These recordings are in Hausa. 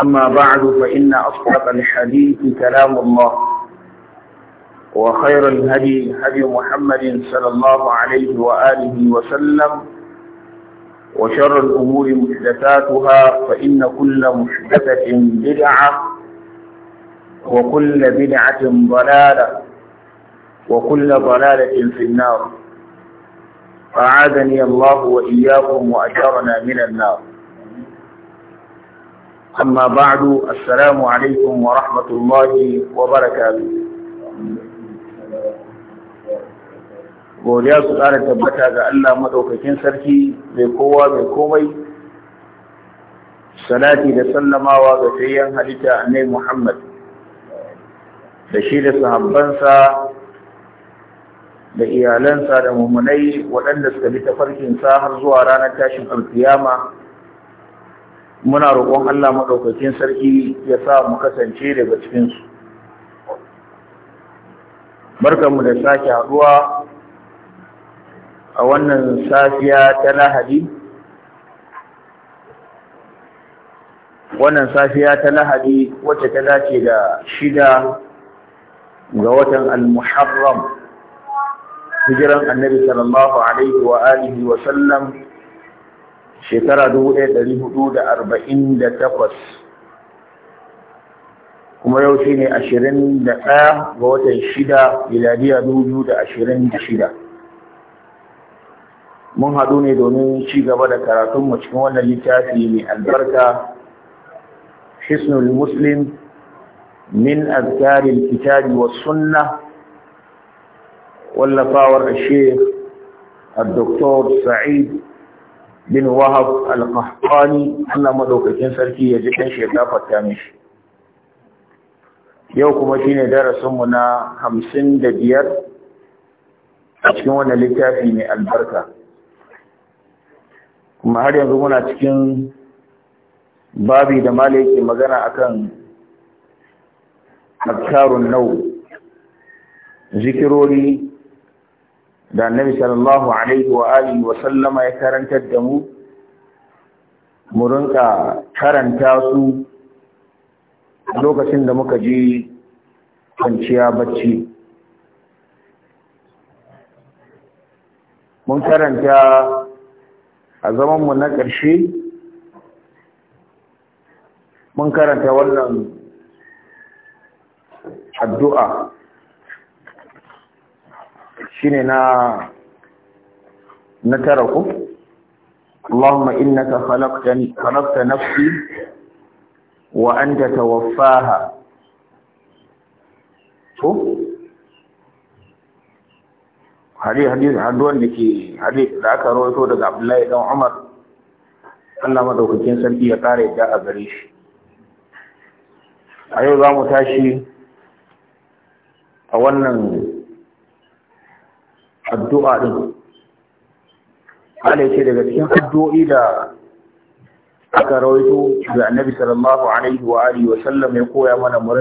أما بعد فإن أصحاب الحديث كلام الله وخير الهدي هدي محمد صلى الله عليه وآله وسلم وشر الأمور محدثاتها فإن كل محدثة بدعة وكل بدعة ضلالة وكل ضلالة في النار أعاذني الله وإياكم وأجرنا من النار أما بعد السلام عليكم ورحمة الله وبركاته godiya su ƙara tabbata ga Allah maɗaukakin sarki mai kowa mai komai salati da sallamawa ga sayan halitta nai Muhammad da shi da sahabbansa da iyalansa da mummunai waɗanda suka bi tafarkinsa har zuwa ranar tashin alkiyama muna roƙon Allah maɗaukakin sarki ya sa mu kasance daga cikinsu. Barkanmu da sake haɗuwa a wannan safiya ta Lahadi. Wannan safiya ta Lahadi wacce ta dace da shida ga watan Al-Muharram, hijiran annabi sallallahu Alaihi wa alihi wa sallam shekara dubu ɗaya da da arba'in takwas, kuma yau shi ne ɗaya ga watan shida miladiya shida. mun haɗu ne domin ci gaba da karatunmu cikin wannan littafi mai albarka hisnul muslim min azkarin kitabi wa sunna wallafawar shekh الدكتور سعيد bin wahab al-qahtani Allah madaukakin sarki ya ji kan shi fata mishi yau kuma shine darasin mu na 55 a cikin wannan littafi mai albarka kuma har yanzu muna cikin babi da mala yake magana akan afkarun nau zikirori da annabi sallallahu alaihi wa alihi wa sallama ya karantar da mu mu rinka karanta su lokacin da muka je kwanciya bacci mun karanta a zamanmu na ƙarshe mun karanta wannan addu'a shine na na tara ku Allahumma innaka khalaqtani khalaqta nafsi wa anta tawaffaha ko hadith hadith haduwan da ke hadith da aka rawaito daga Abdullahi dan Umar Allah madaukakin sarki ya kare da a gare shi a yau za mu tashi a wannan addu'a din Allah ce daga cikin addu'o'i da aka rawaito da Annabi sallallahu alaihi wa alihi wa sallam ya koya mana mu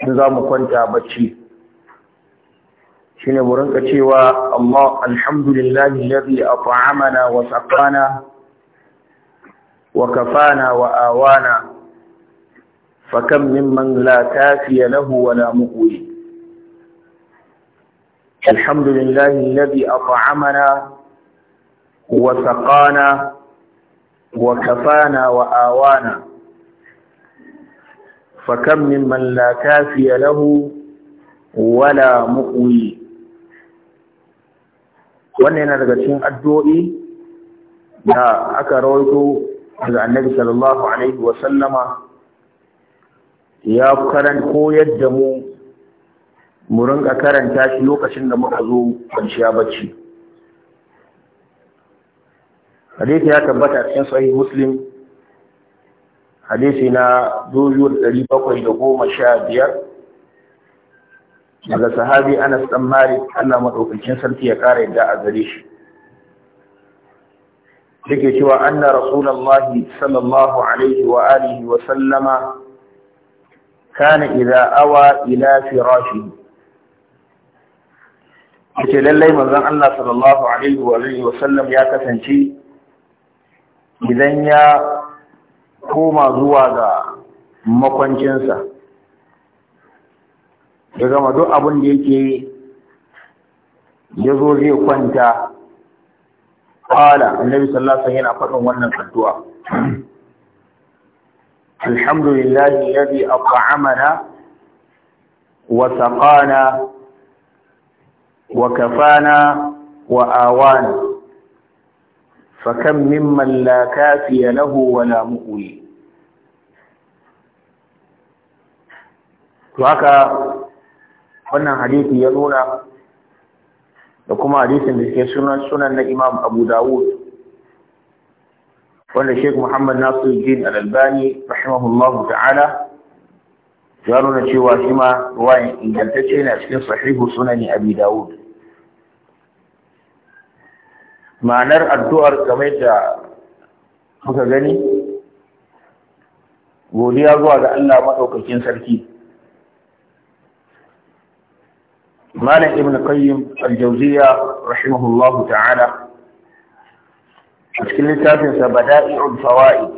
in za mu kwanta bacci shine mu rinka cewa Allah alhamdulillahi alladhi at'amana wa saqana wa kafana wa awana fakam mimman la kafiya lahu wa la muqwi الحمد لله الذي أطعمنا وسقانا وكفانا وآوانا فكم ممن لا كافي له ولا مؤوي wannan yana daga cikin addu'o'i da aka rawaito daga annabi sallallahu alaihi wasallama ya karan koyar da mu mu rinka karanta shi lokacin da muka zo kwanciya bacci hadisi ya tabbata cikin sahih muslim hadisi na da sha biyar. daga sahabi Anas dan Malik Allah madaukakin sarki ya kara yadda a gare shi yake cewa anna rasulullahi sallallahu alaihi wa alihi wa sallama kana idza awa ila firashihi ake lallai manzan Allah sallallahu alaihi wa sallam ya kasance idan ya koma zuwa ga makwancinsa ya gama duk abin da yake ya zo zai kwanta ƙwala annabi sallallahu alaihi yana faɗin wannan addu'a alhamdulillahi alladhi at'amana wa وكفانا وآوانا فكم ممن لا كافي له ولا مؤوي وهكا قلنا حديث يلونا لكم حديث بكي سنن الإمام أبو داود وأن الشيخ محمد ناصر الدين الألباني رحمه الله تعالى قالوا نتشي واشما رواية إن جلتشينا في صحيح سنن أبي داود ma'anar addu'ar kamar da kuka gani godiya zuwa ga Allah madaukakin sarki malam ibn qayyim al-jawziya rahimahullahu ta'ala cikin littafin sa bada'i'ul fawaid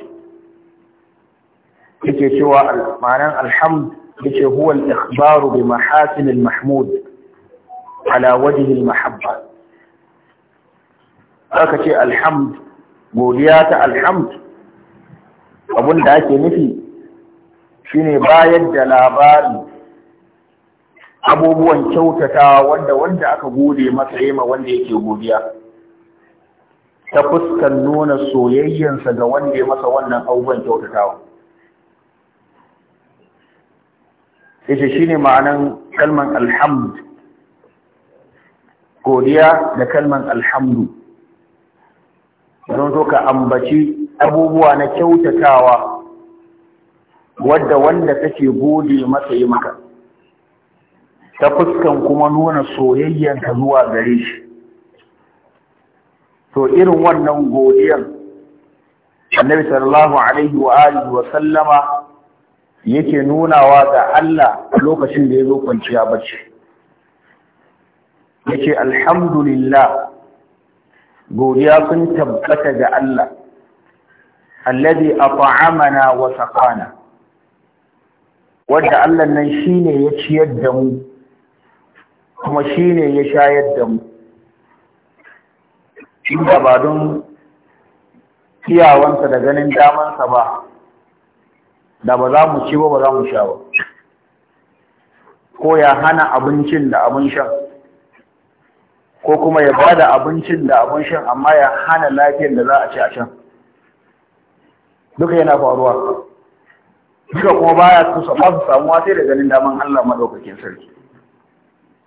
yake cewa ma'anar alhamd yake huwa al-ikhbaru bi mahasin al-mahmud ala wajhi al-mahabba aka ce alhamd godiya ta alhamd abin da ake nufi shine bayar da labari abubuwan kyautata wanda wanda aka gode masa yema wanda yake godiya ta fuskan nuna soyayyansa ga wanda ya masa wannan abubuwan kyautatawa ita shine ma'anan kalman alhamd godiya da kalman alhamdu don zo ka ambaci abubuwa na kyautatawa wadda wanda kake gode masa yi maka ta fuskan kuma nuna soyayyanka zuwa gare shi to irin wannan godiyar annabi sallallahu alaihi wa alihi wa sallama yake nunawa ga Allah lokacin da ya zo kwanciya bacci yake alhamdulillah godiya sun tabbata ga Allah alladhi at'amana wa saqana wanda Allah nan shine ya ciyar da mu kuma shine ya shayar da mu inda ba don kiyawansa da ganin damansa ba da ba za mu ci ba ba za mu sha ba ko ya hana abincin da abin shan ko kuma ya bada abincin da abin shan amma ya hana lafiyar da za a ci a can. duka yana faruwa duka kuma baya ya kusa ba su samuwa sai da ganin daman Allah maɗaukakin sarki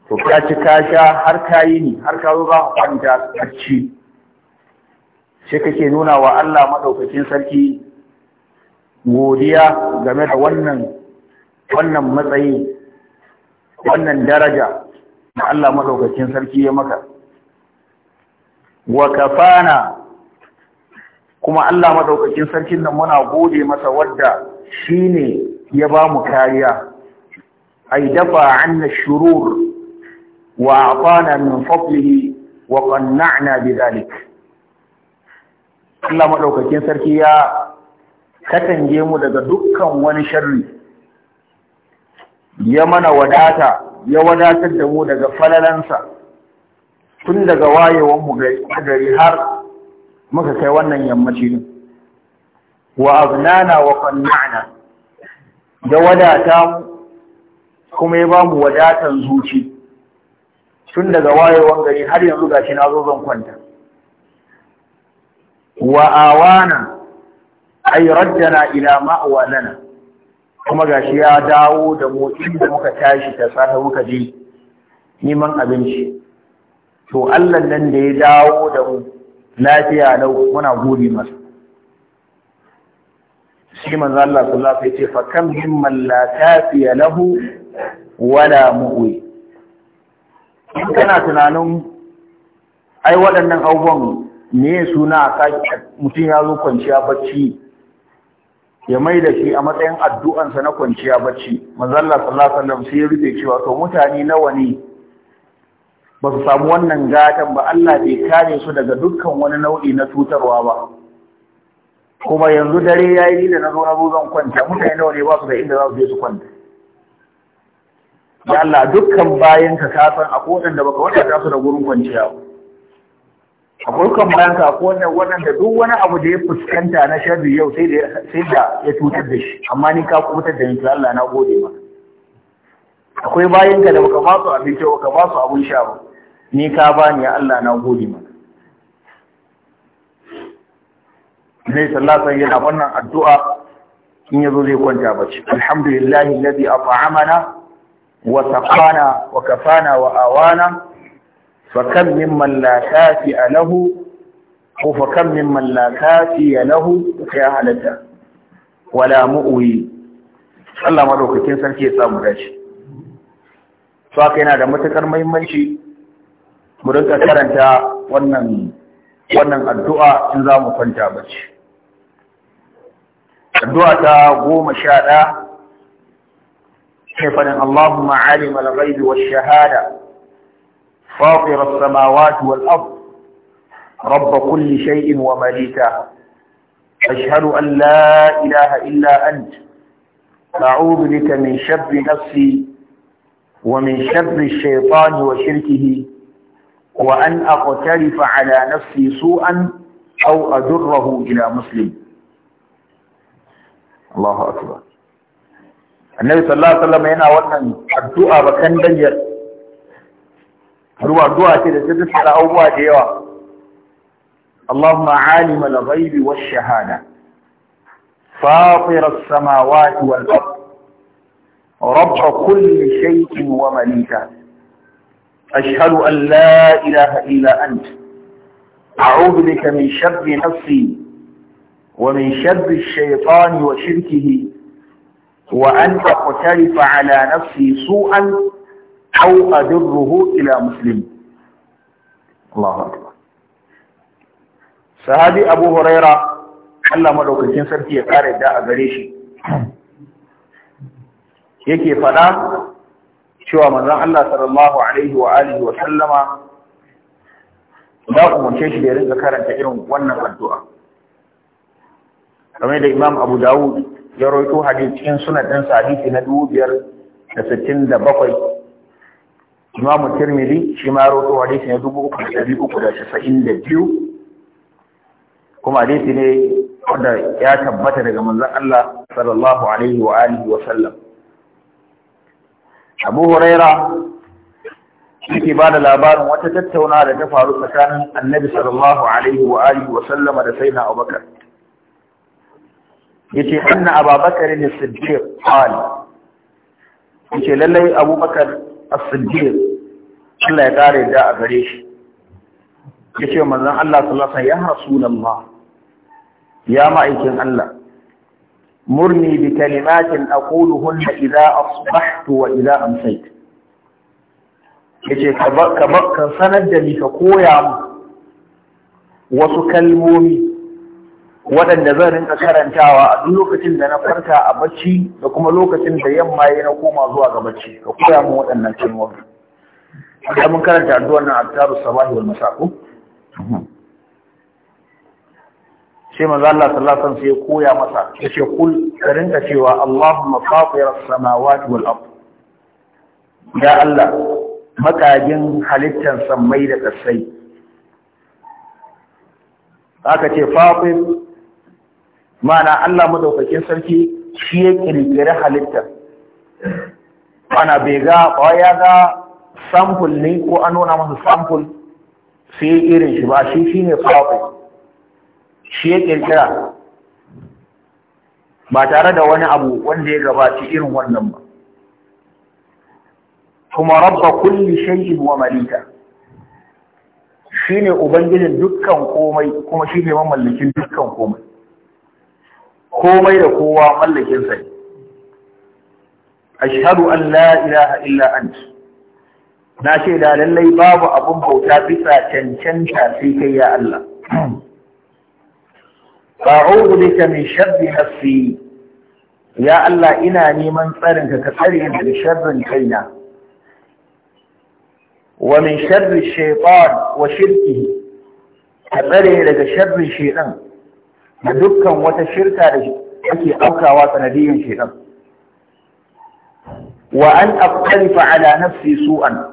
to ka ci ka sha har ka yi ni har ka zo za ka kwanta ci. sai kake nuna wa Allah maɗaukakin sarki godiya game da wannan wannan matsayi wannan daraja da Allah madaukakin sarki ya maka wa kafana kuma Allah madaukakin sarkin nan muna gode masa wadda shi ne ya ba mu kariya ay dafa anna shurur wa atana min fadlihi wa qanna'na bidhalik Allah madaukakin sarki ya katange mu daga dukkan wani sharri ya mana wadata ya wadatar da mu daga falalansa tun daga wayewar mu gari har muka kai wannan yammaci ne wa abnana wa qanna'na da wadata mu kuma ya bamu wadatan zuci tun daga wayewar gari har yanzu gashi na zo zan kwanta wa awana ay raddana ila ma'wa lana kuma gashi ya dawo da mu inda muka tashi ta sata muka ji neman abinci to Allah nan da ya dawo da mu lafiya na muna gode masa shi manzo Allah sallallahu alaihi wasallam ya ce fa himman la lahu wala mu'wi in kana tunanin ai waɗannan abubuwan me suna a mutum ya zo kwanciya bacci ya mai da shi a matsayin addu'ansa na kwanciya bacci mazalla sallallahu alaihi sai ya rufe cewa to mutane nawa ne ba su samu wannan gatan ba Allah bai kare su daga dukkan wani nau'i na cutarwa ba kuma yanzu dare ya yi da na zo na zo zan kwanta mutane nawa ne ba su da inda za su je su kwanta ya Allah dukkan bayan ka san akwai wanda baka wadata su da gurin kwanciya ba akwai kan bayan ka wannan, waɗanda duk wani abu da ya fuskanta na sharri yau sai da sai da ya cutar da shi amma ni ka kubutar da ni Allah na gode ma akwai bayanka ka da baka basu abinci baka basu abun sha ba ni ka bani ya Allah na gode ma Nabi sallallahu alaihi yana wannan addu'a in yazo zai kwanta bacci alhamdulillahi alladhi at'amana wa saqana wa kafana wa awana فكم ممن لا كافئ له ko fa kam min man la ya halatta wala mu'wi Allah madaukakin sarki ya samu to haka yana da matukar muhimmanci mu rinka karanta wannan wannan addu'a in za mu kwanta bacci addu'a ta goma sha ɗaya sai fadin Allahumma alima al-ghaibi shahada فاطر السماوات والأرض رب كل شيء ومليكه أشهد أن لا إله إلا أنت أعوذ بك من شر نفسي ومن شر الشيطان وشركه وأن أقترف على نفسي سوءا أو أجره إلى مسلم الله أكبر النبي صلى الله عليه وسلم ينا ولن الدعاء وكان دجل ruwa duwa ce على ta اللهم عالم الغيب والشهادة فاطر السماوات والأرض رب كل شيء ومليكه أشهد أن لا إله إلا أنت أعوذ بك من شر نفسي ومن شر الشيطان وشركه وأن تقترف على نفسي سوءا أو أدره إلى مسلم الله أكبر sahabi abu huraira Allah madaukakin sarki ya kare da a gare shi yake fada cewa manzon Allah sallallahu alaihi wa alihi wa sallama ku mace shi da ya rinka karanta irin wannan addu'a kamar da Imam Abu Dawud ya rawaito hadisi cikin sunan din hadisi na da bakwai. Imam Tirmidhi shi ma rawaito hadisi ne dubu uku da uku da casa'in da biyu kuma hadisi ne wanda ya tabbata daga manzon Allah sallallahu alaihi wa alihi wa sallam Abu Huraira yake ba da labarin wata tattauna da ta faru tsakanin Annabi sallallahu alaihi wa alihi wa sallama da Sayyidina Abubakar yace anna Abubakar ne siddiq qali yace lallai Abubakar as-siddiq Allah ya ƙara da a gare shi ya ce manzan Allah salasa ya rasulallah ya ma'aikin Allah murni bi kalimatin aquluhunna idza asbahtu wa idza amsaytu yace ce ka sanar da ni ka koya mu wasu kalmomi waɗanda zan rinka karantawa a duk lokacin da na farka a bacci da kuma lokacin da yamma ya na koma zuwa ga bacci ka koya mu waɗannan kalmomi da mun karanta addu'ar nan azkaru sabahi wal mas'aku? sai maza Allah sallallahu alaihi wasallam sai ya koya masa yace kul karinta cewa Allahumma fatir as-samawati wal ard ya Allah makajin halittar sammai da kasai aka ce fatir mana Allah madaukakin sarki shi ya kirkire halittar ana bai ga ya ga sample ne ko an nuna masa sample sai irin shi ba shi shine faɗi shi ya ƙirƙira ba tare da wani abu wanda ya gabaci irin wannan ba kuma rabba kulli shay'in wa malika shine ubangijin dukkan komai kuma shine mamallakin dukkan komai komai da kowa mallakin sai ashhadu an la ilaha illa anta na ce da lallai babu abin bauta bisa cancanta sai kai ya Allah fa'udu bika min sharri nafsi ya Allah ina neman tsarin ka tsare daga sharrin kaina wa min sharri shaytan wa shirki ka tsare daga sharrin shaidan, da dukkan wata shirka da ake aukawa sanadiyan shaidan. wa an aqtarifa ala nafsi su'an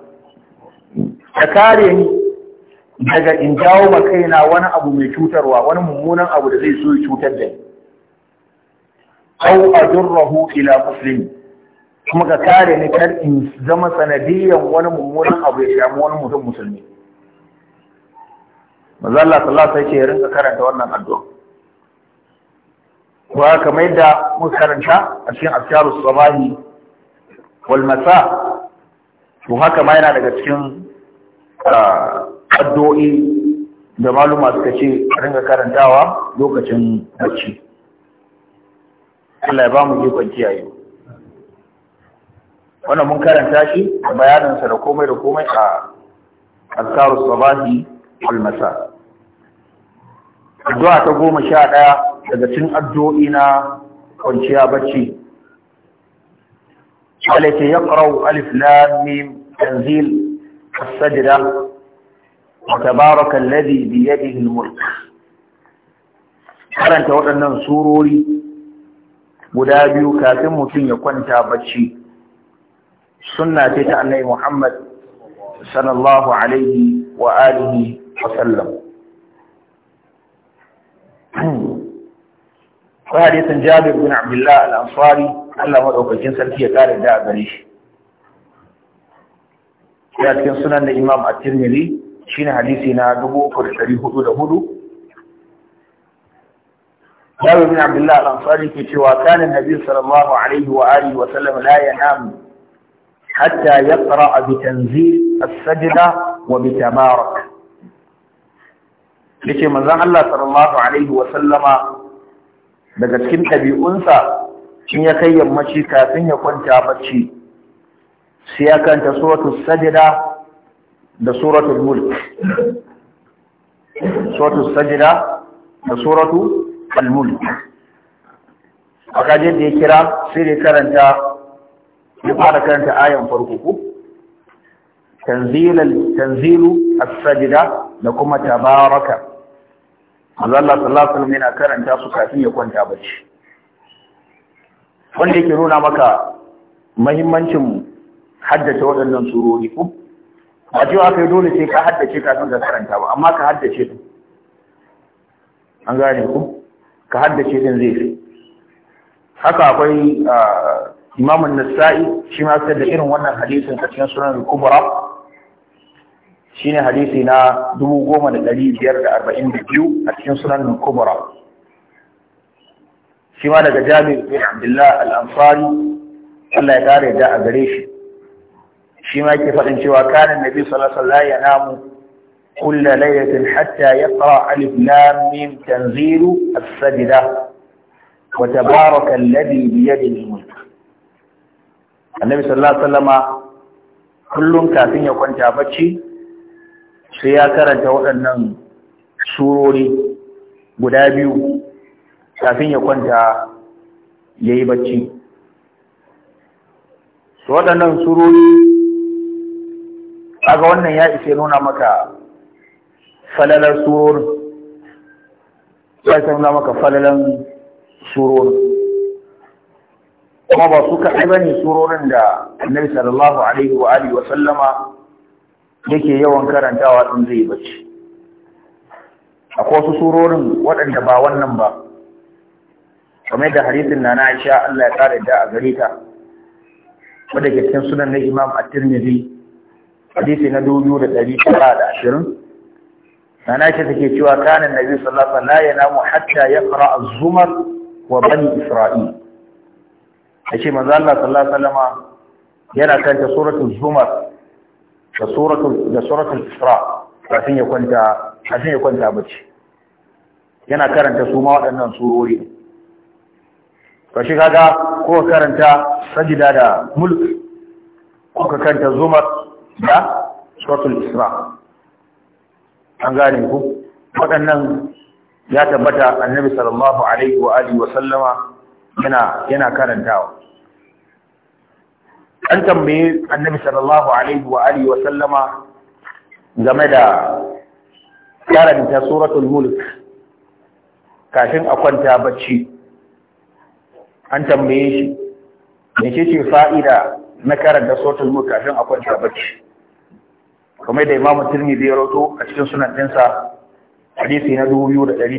ka kare ni daga in jawo ma kaina wani abu mai cutarwa wani mummunan abu da zai so ya cutar da ni aw adurruhu ila muslim kuma ka kare ni kar in zama sanadiyan wani mummunan abu ya shafi wani mutum musulmi manzo Allah sallallahu alaihi wasallam ya rinka karanta wannan addu'a wa kamar yadda muka karanta a cikin askarus sabahi wal masa to haka ma yana daga cikin addu'o'i da maluma suka ce ringa karantawa lokacin bacci Allah ya ba mu jikon kiyaye wannan mun karanta shi a bayaninsa da komai da komai a azkarus sabahi wal masa addu'a ta goma sha ɗaya daga cin addu'o'i na kwanciya bacci alaihi yaqra'u alif lam tanzil السجدة وتبارك الذي بيده الملك karanta waɗannan surori guda biyu kafin mutum ya kwanta bacci sunna ce ta annabi Muhammad sallallahu alaihi wa alihi wa sallam hadisin Jabir bin Abdullah al-Ansari Allah madaukakin sarki ya kare da gare shi ya cikin sunan da imam at-tirmidhi shine hadisi na 3404 Jabir bin Abdullah al-Ansari ke cewa kana Nabi sallallahu alaihi wa alihi wa sallam la yanam hatta yaqra bi tanzil as-sajda wa bi tabarak yace manzon Allah sallallahu alaihi wa sallama daga cikin tabi'unsa in ya kai yammaci kafin ya kwanta bacci sai ya kanta suratul sajda da suratul mulk suratul sajda da suratul al-mulk akaje da ya kira sai ya karanta ya fara karanta ayan farko ko tanzilal tanzilu as-sajda da kuma tabaraka Allah sallallahu alaihi wasallam yana karanta su kafin ya kwanta bacci wanda yake nuna maka muhimmancin haddace waɗannan surori ko ba cewa kai dole ce ka haddace kafin ka karanta ba amma ka haddace din an gane ku ka haddace din zai fi haka akwai imamun nasai shi ma sai da irin wannan hadisin a cikin sunan al-kubra shine hadisi na 10542 a cikin sunan al-kubra shi ma daga jami'in abdullahi al'amfari al Allah ya kare da a gare shi shi ma ke faɗin cewa kanin nabi sallallahu alaihi ya namu kulla laylatin hatta yaqra alif lam mim tanzilu as-sajda wa tabaraka alladhi bi yadihi mulk annabi sallallahu alaihi wasallama kullum kafin ya kwanta bacci sai ya karanta waɗannan surori guda biyu kafin ya kwanta ya yi bacci waɗannan surori kaga wannan ya ishe nuna maka falalar surorin ya ishe nuna maka falalar surorin kuma ba su kaɗai ba ne surorin da annabi sallallahu alaihi wa alihi wa sallama yake yawan karantawa ɗin zai bacci akwai wasu surorin waɗanda ba wannan ba kamar da hadisin na na Aisha Allah ya kare da a gare ta wanda ke cikin sunan na Imam At-Tirmidhi hadisi na dubu da ɗari tara da ashirin na nashi take cewa kana nabi sallallahu alaihi wasallam la yanamu hatta yaqra az-zumar wa bani isra'il ace manzo Allah sallallahu alaihi wasallam yana kanta suratul zumar da suratul da suratul isra kafin ya kwanta kafin ya kwanta bace yana karanta su ma waɗannan surori ka shi kaga ko karanta sajida da mulk ko ka karanta zumar da suratul isra an gane ku waɗannan ya tabbata annabi sallallahu alaihi wa alihi wa sallama yana yana karantawa an tambaye annabi sallallahu alaihi wa alihi wa sallama game da karanta suratul mulk kafin a kwanta bacci an tambaye shi me ce fa'ida na karanta suratul mulk kafin a kwanta bacci kamar da imamu tirmidhi ya rauto a cikin sunan dinsa hadisi na da da 2890 daidai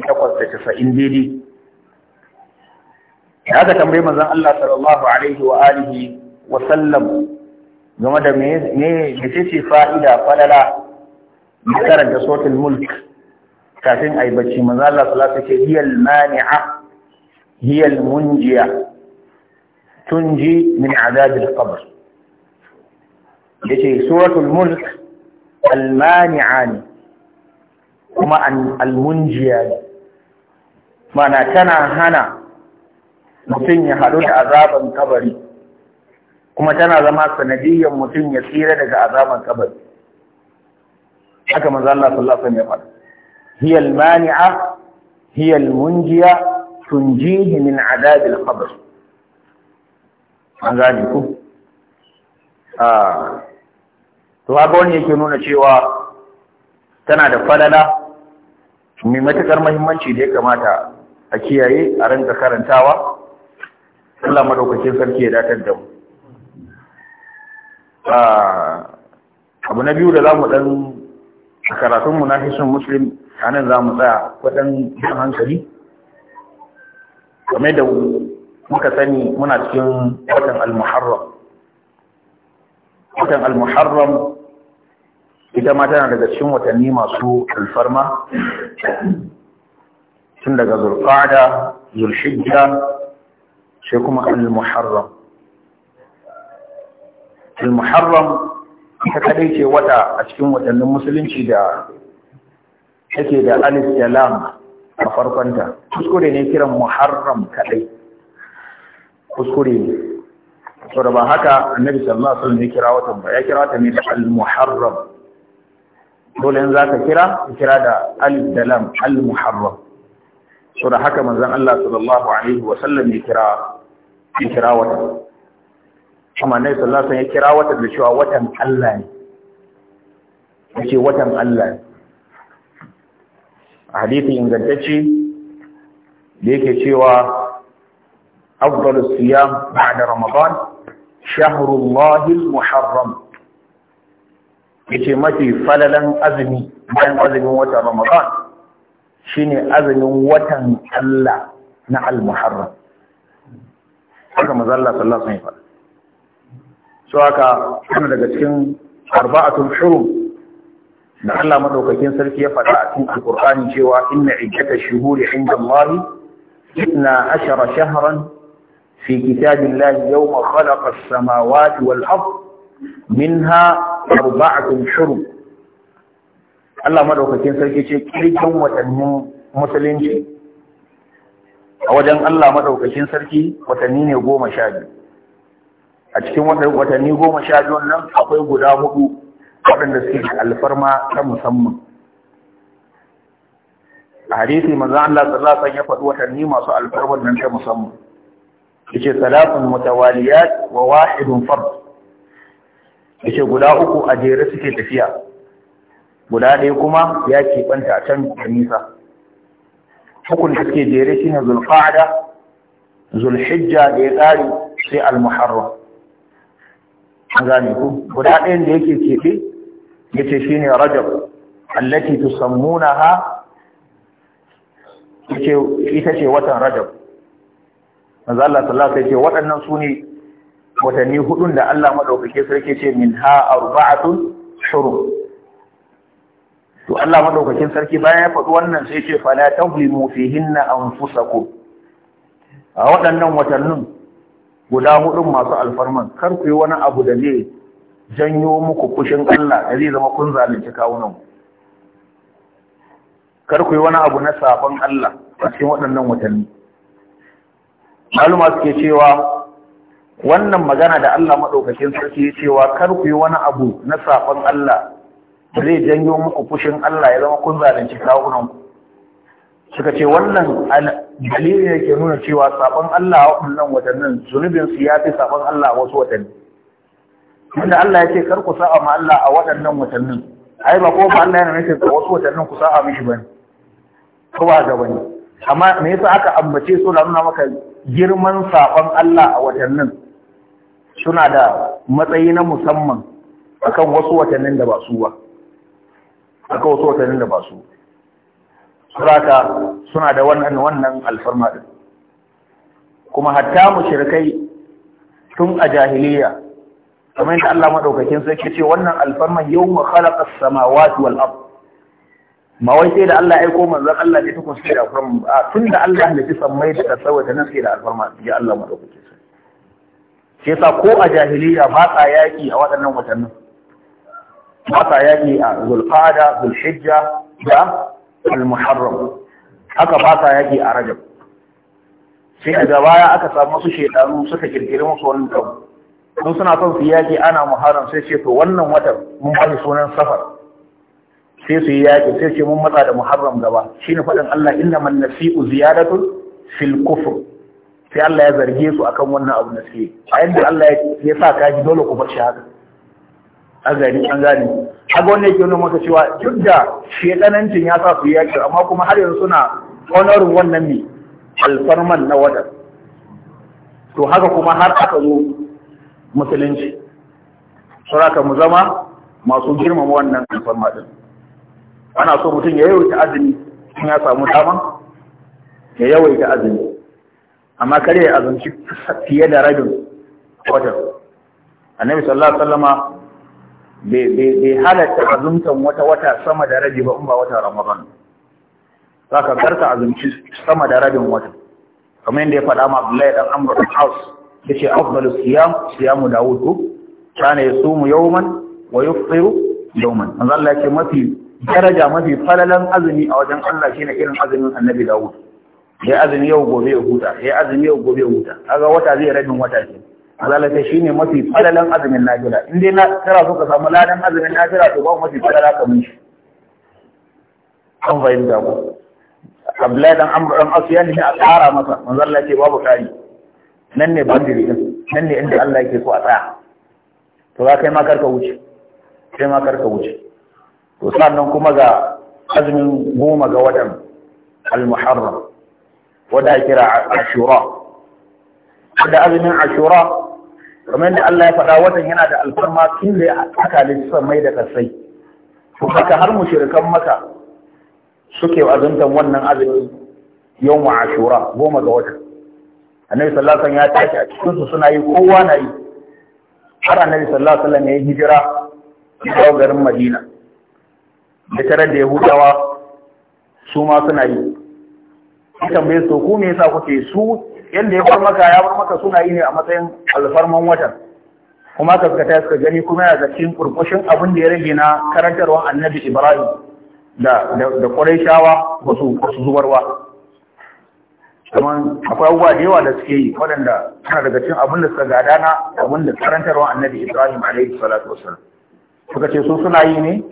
ga tambayi mazan Allah sallallahu alaihi wa alihi wa sallam game da me me ce fa'ida falala na karanta sautul mulk kafin ayi bacci mazan Allah sallallahu alaihi wa hiyal mani'a hiyal munjiya tunji min azabil qabr yace suratul mulk المانعان كما أن المنجيان ما نتنا هنا متنيا هلول عذابا كبري كما تنا زما سنجي ومتنيا سيرة عذابا كبري حكا ما الله صلى الله عليه وسلم هي المانعة هي المنجية تنجيه من عذاب القبر ما ذلك to haka wani yake nuna cewa tana da falala mai matuƙar mahimmanci da ya kamata a kiyaye a ranka karantawa Allah madaukakin sarki ya datar da mu ah, abu na biyu da za mu ɗan a karatunmu na hisun muslim a nan za mu tsaya waɗan yan hankali game da muka sani muna cikin watan al-muharram watan al-muharram ita ma tana daga cikin watanni masu alfarma tun daga zurfada, zulhijja sai kuma al-muharram al-muharram ita kadai ce wata a cikin watannin musulunci da take da alif da lam a farkonta kuskure ne kiran muharram kadai kuskure ne saboda ba haka annabi sallallahu alaihi wasallam ya kira watan ba ya kira ta ne da al-muharram dole za ka kira kira da alif da lam al muharram so da haka manzan Allah sallallahu alaihi wa sallam ya kira ya kira wata amma nabi sallallahu alaihi ya kira wata da cewa watan Allah ne yace watan Allah ne hadisi ingantacce da yake cewa afdalus siyam ba'da ramadan shahrullahil muharram yace mafi falalan azumi bayan azumin wata Ramadan shine azumin watan Allah na al-Muharram haka manzo Allah sallallahu alaihi wasallam so haka kuma daga cikin arba'atul hurum da Allah madaukakin sarki ya faɗa a cikin Al-Qur'ani cewa inna iddatash shuhuri 'inda Allah 12 shahran fi kitabillahi yawma khalaqa as-samawati wal ardh minha arba'atun shurum Allah madaukakin sarki ce kirkin watannin musulunci a wajen Allah madaukakin sarki watanni ne goma sha biyu a cikin watanni goma sha biyu nan akwai guda hudu waɗanda suke alfarma ta musamman a hadisi manzo Allah sallallahu alaihi ya faɗi watanni masu alfarma nan ta musamman yace salatun mutawaliyat wa wahidun fard yace guda uku a jere suke tafiya guda ɗaya kuma ya keɓanta a can da nisa hukun da suke jere shine zulfada zulhijja da ya tsari sai al-muharram an gane ku guda ɗayan da yake keɓe yace ne rajab allati tusammunaha ha ita ce watan rajab manzo Allah sallallahu alaihi wasallam ce waɗannan su ne watanni hudun da Allah madaukake sarki ce min ha arba'atun shurum to Allah madaukakin sarki bayan ya faɗi wannan sai ce fala tawlimu fihinna anfusakum a waɗannan watannin guda hudun masu alfarman kar ku yi wani abu da zai janyo muku kushin Allah da zai zama kun zalunci kawunan kar ku yi wani abu na sabon Allah a cikin waɗannan watanni maluma suke cewa wannan magana da Allah maɗaukakin sarki ya cewa kar ku yi wani abu na saɓon Allah zai janyo muku fushin Allah ya zama kun zalunci kawunan ku suka ce wannan dalilin ke nuna cewa saɓon Allah a waɗannan watannin zunubin su ya fi saɓon Allah a wasu watanni wanda Allah ya ce kar ku sa'a ma Allah a waɗannan watannin ai ba ko ba Allah yana nufin a wasu watannin ku sa'a mishi bane ko ba ga bane amma me yasa aka ambace su da nuna maka girman saɓon Allah a watannin suna da matsayi na musamman akan wasu watannin da ba su ba akan wasu watannin da ba su suraka suna da wannan wannan alfarma din kuma hatta mushrikai tun a jahiliya kamar yadda Allah madaukakin sarki ce wannan alfarman yawma khalaqa as-samawati wal ard ma wai sai da Allah ya aiko manzon Allah ne tukun sai da alfarma tun da Allah ne ya sammai da tsawaita nan sai da alfarma ya Allah madaukakin shi yasa ko a jahiliya ba sa yaki a waɗannan watannin ba sa yaki a zulqa'ada zulhijja da al-muharram haka ba sa yaki a rajab sai a baya aka samu su shekaru suka kirkiri musu wani abu don suna son su yaki ana muharram sai ce to wannan watan mun ba sunan safar sai su yi yaƙi sai ce mun matsa da muharram gaba shine faɗin Allah inna man nasi'u ziyadatun fil kufr sai Allah ya zarge su akan wannan abu na suke a yadda Allah ya sa kaji dole ku bar shi haka A gani an gani haka wannan yake nuna maka cewa duk da shekanancin ya sa su yi yaki amma kuma har yanzu suna honorin wannan ne alfarman na wada to haka kuma har aka zo musulunci saboda mu zama masu girmama wannan alfarma din ana so mutum ya yi yawaita azumi in ya samu dama ya yawaita azumi amma kare ya zanci fiye da rabin watan annabi sallallahu alaihi wasallama bai halatta azumtan wata wata sama da rabi ba in ba wata ramadan zaka karka azumci sama da rabin wata kamar yadda ya faɗa ma Abdullahi dan Amr bin Aus yace afdalu siyam siyamu Dawud ko kana yasumu yawman wa yufṭiru yawman manzo Allah yake mafi daraja mafi falalan azumi a wajen Allah shine irin azumin Annabi Dawud ya azumi yau gobe ya huta ya azumi yau gobe ya huta kaga wata zai rabin wata ke azalata shine mafi falalan azumin nafila in dai na tara so ka samu ladan azumin nafila to ba mafi falala mun shi an fahimta ko Abdullahi dan Amr dan Asiyan ne a tsara masa manzo Allah ce babu kari nan ne bandiri din nan ne inda Allah yake so a tsaya to za kai ma karka wuce kai ma karka wuce to sannan kuma ga azumin goma ga watan al-Muharram wanda kira ashura wanda azumin ashura kamar da Allah ya faɗa watan yana da alfarma tun da aka lissan mai da kasai har haka har mushrikan maka suke azumtan wannan azumin yawm ashura goma ga wata annabi sallallahu alaihi wasallam ya tashi a cikin su suna yi kowa na yi har annabi sallallahu alaihi wasallam ya yi hijira zuwa garin Madina da tare da Yahudawa su ma suna yi ya tambaye su ku me yasa kuke su yanda ya bar maka ya bar maka suna yi ne a matsayin alfarman watan kuma kaskata suka gani kuma yana cikin kurkushin abin da ya rage na karantarwar annabi ibrahim da da qurayshawa ba su ba su zubar ba akwai abubuwa da yawa da suke yi waɗanda suna daga cikin abin da suka gada na abin da karantarwar annabi ibrahim alaihi salatu wasallam suka ce su suna yi ne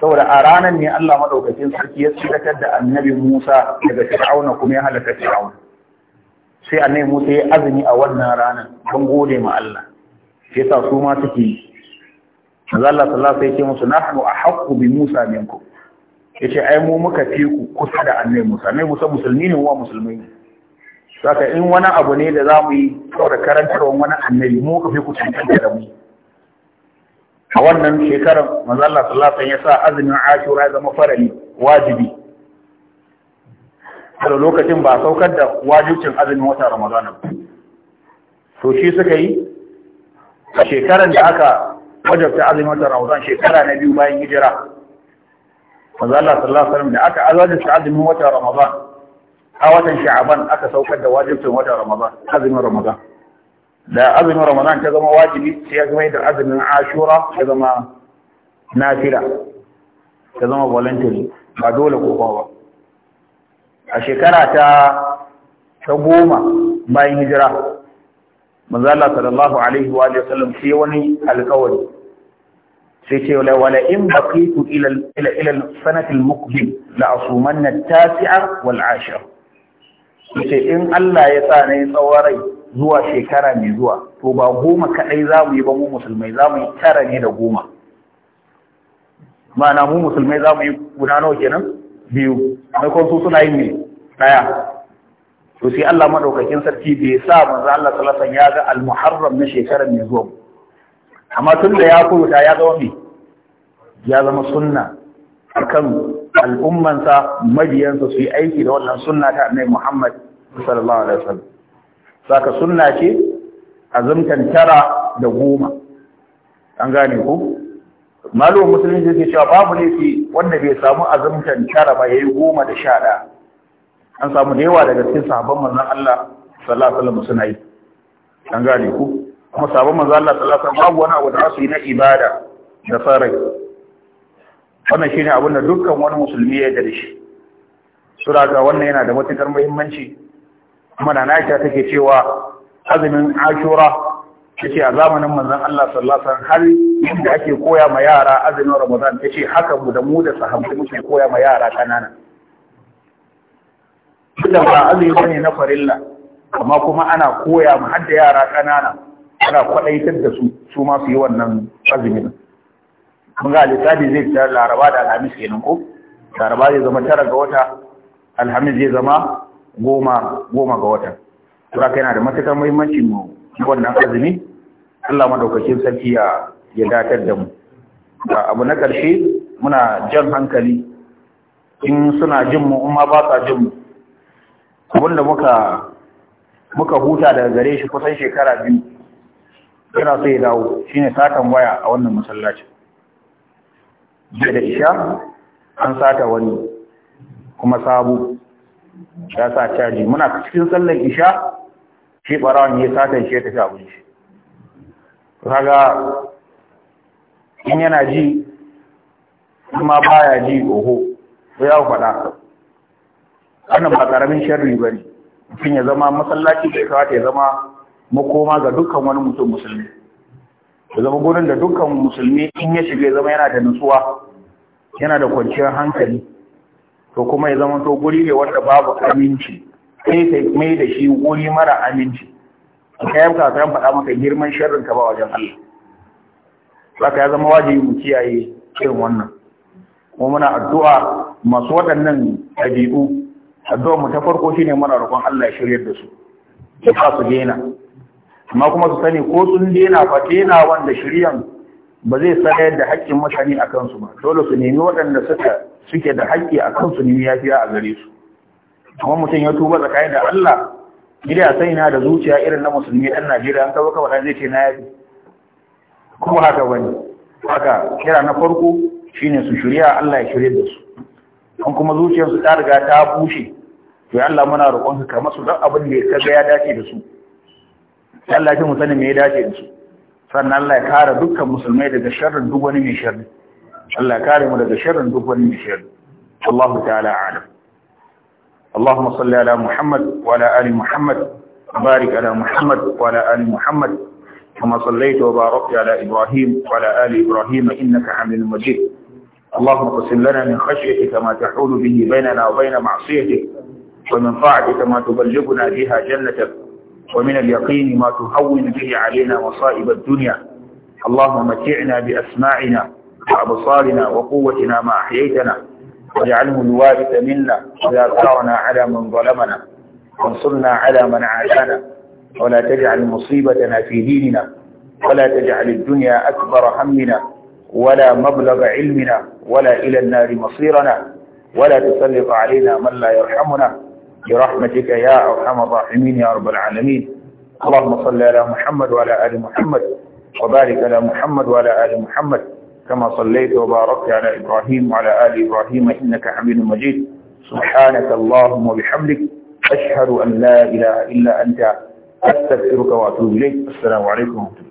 saboda a ranar ne Allah madaukakin sarki ya tsirkar da annabi Musa daga Fir'auna kuma ya halaka Fir'auna sai annabi Musa ya azumi a wannan ranar don gode ma Allah sai yasa su ma suke yi Allah sallallahu alaihi wasallam ya ce musu nahnu ahqqu bi Musa minkum yace ai mu muka fi ku kusa da annabi Musa annabi Musa musulmi ne wa musulmai ne saka in wani abu ne da za mu yi saboda karantarwa wani annabi mu ka fi ku cancanta da mu a wannan shekarar manzo Allah ya sa azumin Ashura ya zama farali wajibi a lokacin ba saukar da wajibcin azumin wata Ramadana So to shi suka yi a shekarar da aka wajabta azumin wata ramadana shekara na biyu bayan hijira manzo Allah da aka azwajta azumin wata ramadana a watan Sha'aban aka saukar da wajibcin wata ramadana azumin ramadana da azumin ramadan ta zama wajibi sai ya zama yadda azumin ashura ta zama nafila ta zama voluntary ba dole ko ba a shekara ta ta goma bayan hijira manzo Allah sallallahu alaihi wa sallam sai wani alƙawari sai ce wala in baqitu ila ila ila sanati al-muqbil la asumanna at-tasi'a wal 'ashira sai in Allah ya sa ne tsawarai zuwa shekara mai zuwa to ba goma kaɗai za mu yi ba mu musulmai za mu yi tara ne da goma ma'ana mu musulmai za mu yi guda nawa kenan biyu na su suna yin ne ɗaya to sai Allah madaukakin sarki bai sa manzo Allah sallallahu alaihi wasallam ya ga al-muharram na shekarar mai zuwa amma tun da ya kuruta ya zama me ya zama sunna akan al'ummansa mabiyansa su yi aiki da wannan sunna ta Annabi Muhammad sallallahu alaihi wasallam saka sunna ce azumtan tara da goma an gane ku malum musulmi zai cewa babu laifi wanda bai samu azumtan tara ba yayi goma da sha ɗaya an samu da yawa daga cikin sahabban manzon Allah sallallahu alaihi wasallam suna yi an gane ku kuma sahabban manzon Allah sallallahu alaihi wasallam babu wani abu da su yi na ibada da sarai wannan shine abin da dukkan wani musulmi ya yarda da shi sura ga wannan yana da matukar muhimmanci kuma na Aisha take cewa azumin Ashura ce a zamanin manzon Allah sallallahu alaihi har yadda ake koya ma yara azumin Ramadan ta ce haka mu da mu da sahabbai muke koya ma yara kanana Tunda ba azumi bane na farilla amma kuma ana koya ma hadda yara kanana ana kwadaitar da su su yi wannan azumin mun ga lissafi zai fita laraba da alhamis kenan ko laraba zai zama tara ga wata alhamis zai zama goma goma ga watan tura yana da matukar muhimmanci mu wannan azumi Allah madaukakin sarki ya ya datar da mu abu na karshe muna jan hankali in suna jin mu ma ba sa jin mu Wanda muka muka huta daga gare shi kusan shekara biyu yana so ya dawo shine satan waya a wannan masallaci jiya da isha an sata wani kuma sabu ya sa caji muna cikin sallar isha shi barawan ya satan shi ya tafi abu shi kaga in yana ji kuma baya ji oho ko ya faɗa wannan ba karamin sharri ba ne mutum ya zama masallaci da kawata ya zama makoma ga dukkan wani mutum musulmi ya zama gurin da dukkan musulmi in ya shiga ya zama yana da nutsuwa yana da kwanciyar hankali to kuma ya zama to guri ne wanda babu aminci sai sai mai da shi guri mara aminci ka yanka ka faɗa maka girman sharrin ka ba wajen Allah saka ya zama wajibi mu kiyaye irin wannan kuma muna addu'a masu waɗannan ɗabi'u addu'a mu ta farko shine muna roƙon Allah ya shiryar da su ba su dena. amma kuma su sani ko sun daina fa dena wanda shiryan ba zai sanar da haƙƙin mutane a kansu ba dole su nemi waɗanda suka suke da haƙƙi a kansu ne ya fiya a gare su kuma mutum ya tuba tsakanin da Allah gida sai na da zuciya irin na musulmi ɗan Najeriya an kawo kawai zai ce na yafi kuma haka wani haka kira na farko shine su shirya Allah ya shirya da su an kuma zuciyarsu ta riga ta bushe to Allah muna roƙonka ka su don abin da ka ga ya dace da su Allah ya mu sani me ya dace da su sannan Allah ya kare dukkan musulmai daga sharrin duk wani mai sharri Allah كارم ولا daga sharrin duk wani mai تعالى Allahu اللهم صل على محمد وعلى آل محمد وبارك على محمد وعلى آل محمد كما صليت وباركت على إبراهيم وعلى آل إبراهيم إنك حميد مجيد اللهم اقسم لنا من خشيتك ما تحول به بيننا وبين معصيتك ومن طاعتك ما تبلغنا بها جنتك ومن اليقين ما تهون به علينا مصائب الدنيا اللهم متعنا بأسماعنا وأبصارنا وقوتنا ما أحييتنا واجعله الوارث منا وآثارنا على من ظلمنا وانصرنا على من عادانا ولا تجعل مصيبتنا في ديننا ولا تجعل الدنيا أكبر همنا ولا مبلغ علمنا ولا إلى النار مصيرنا ولا تسلط علينا من لا يرحمنا برحمتك يا أرحم الراحمين يا رب العالمين اللهم صل على محمد وعلى آل محمد وبارك على محمد وعلى آل محمد كما صليت وباركت على إبراهيم وعلى آل إبراهيم إنك حميد مجيد سبحانك اللهم وبحمدك أشهد أن لا إله إلا أنت أستغفرك وأتوب إليك السلام عليكم ورحمة الله